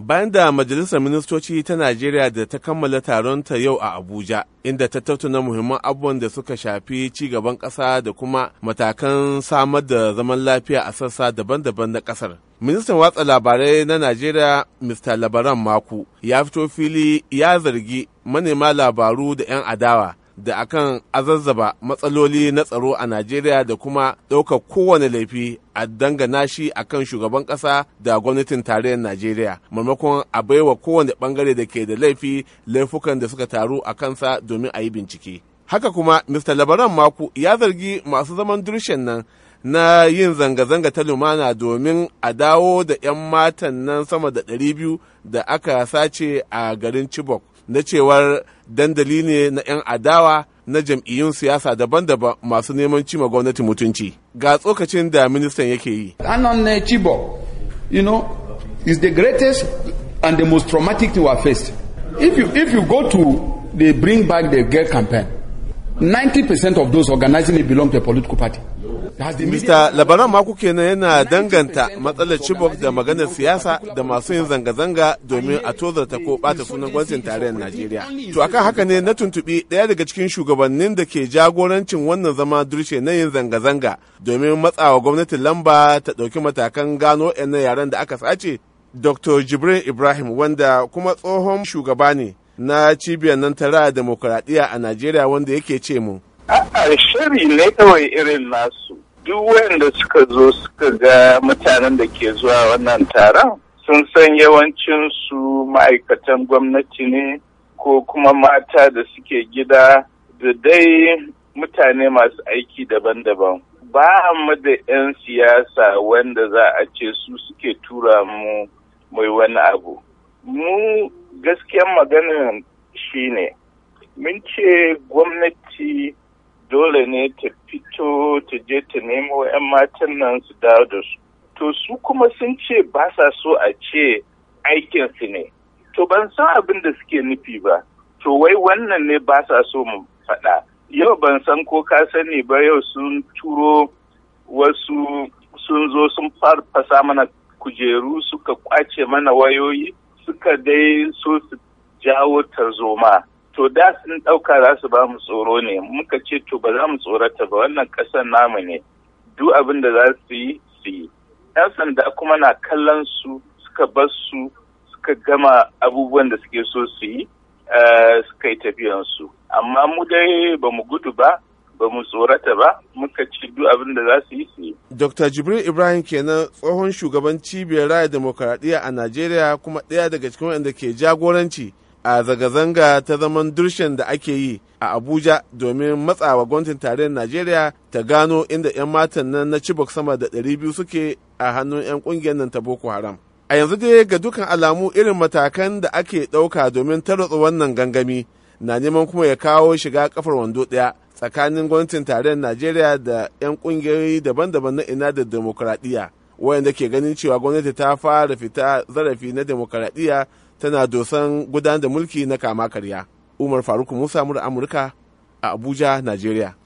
bayan da majalisar ministoci ta najeriya da ta kammala taronta yau a abuja inda ta tattauna muhimman abubuwan da suka shafi ci gaban ƙasa da kuma matakan samar da zaman lafiya a sassa daban-daban na ƙasar ministan watsa labarai na najeriya mr labaran maku ya fito fili ya zargi manema labaru da 'yan adawa da akan azazzaba matsaloli na tsaro a Najeriya da kuma ɗaukar kowane laifi a dangana shi akan shugaban ƙasa da gwamnatin tarayyar Najeriya maimakon a baiwa kowane ɓangare da ke da laifi laifukan da suka taru a kansa domin a yi bincike. Haka kuma Mr. Labaran Maku ya zargi masu zaman dirshen nan na yin zanga-zanga ta lumana domin a dawo da 'yan matan nan sama da 200 da aka sace a garin Chibok. na cewar dandali ne na 'yan adawa na jam'iyyun siyasa daban-daban masu neman cima gwamnati mutunci ga tsokacin da ministan yake yi anan na eh, Chibo, you know is the greatest and the most traumatic to our face if you if you go to the bring back the girl campaign 90% of those organizing it belong to a political party Mista Labaran ma kuke na yana danganta matsalar Chibok da maganar siyasa da masu yin zanga-zanga domin a tozarta ko bata sunan gwamnatin tarayyar Najeriya. To akan haka ne na tuntuɓi ɗaya daga cikin shugabannin da ke jagorancin wannan zama durshe na yin zanga-zanga domin matsawa gwamnatin lamba ta ɗauki matakan gano 'yan yaren da aka sace. Dr. Jibrin Ibrahim wanda kuma tsohon shugaba ne na cibiyar nan ta a Najeriya wanda yake ce mu A'a shiri ne kawai irin nasu. Duk wanda suka zo suka ga mutanen da ke zuwa wannan taron sun san yawancin su ma'aikatan gwamnati ne ko kuma mata da suke gida da dai mutane masu aiki daban-daban. Ba mu da 'yan siyasa wanda za a ce su suke tura mu mai wani abu. Mu gaskiyan maganin shi ne, mun ce gwamnati dole ne ta fito ta je ta nemo 'yan matan nan su dawo da su to su kuma sun ce ba sa so a ce aikinsu ne to ban san abin da suke nufi ba to wai wannan ne ba sa so mu faɗa yau ban san ko ka sani ba yau sun turo wasu sun zo sun farfasa mana kujeru suka kwace mana wayoyi suka dai so su jawo tarzoma to da sun ɗauka za su ba mu tsoro ne muka ce to ba za mu tsorata ba wannan ƙasar namu ne duk abin da za su yi su yi yan sanda kuma na kallon su suka bar su suka gama abubuwan da suke so su yi eh, suka yi su amma mu dai ba mu gudu ba ba mu tsorata ba muka ci duk abin da za su yi su yi. Dr. Jibril Ibrahim kenan tsohon shugaban cibiyar raya demokaradiyya a Najeriya kuma ɗaya daga cikin waɗanda ke jagoranci a zanga-zanga ta zaman durshen da ake yi a abuja domin matsawa gwamnatin tarayyar najeriya ta gano inda 'yan matan nan na chibok sama da 200 suke a hannun 'yan kungiyar nan ta boko haram a yanzu dai ga dukan alamu irin matakan da ake ɗauka domin tarotsa wannan gangami na neman kuma ya kawo shiga kafar wando ɗaya tsakanin gwamnatin tarayyar najeriya da 'yan kungiyoyi daban-daban na ina da demokuraɗiyya wayanda ke ganin cewa gwamnati ta fara fita zarafi na demokuraɗiyya tana dosan gudanar da mulki na kama karya umar faruk musa mura amurka a abuja najeriya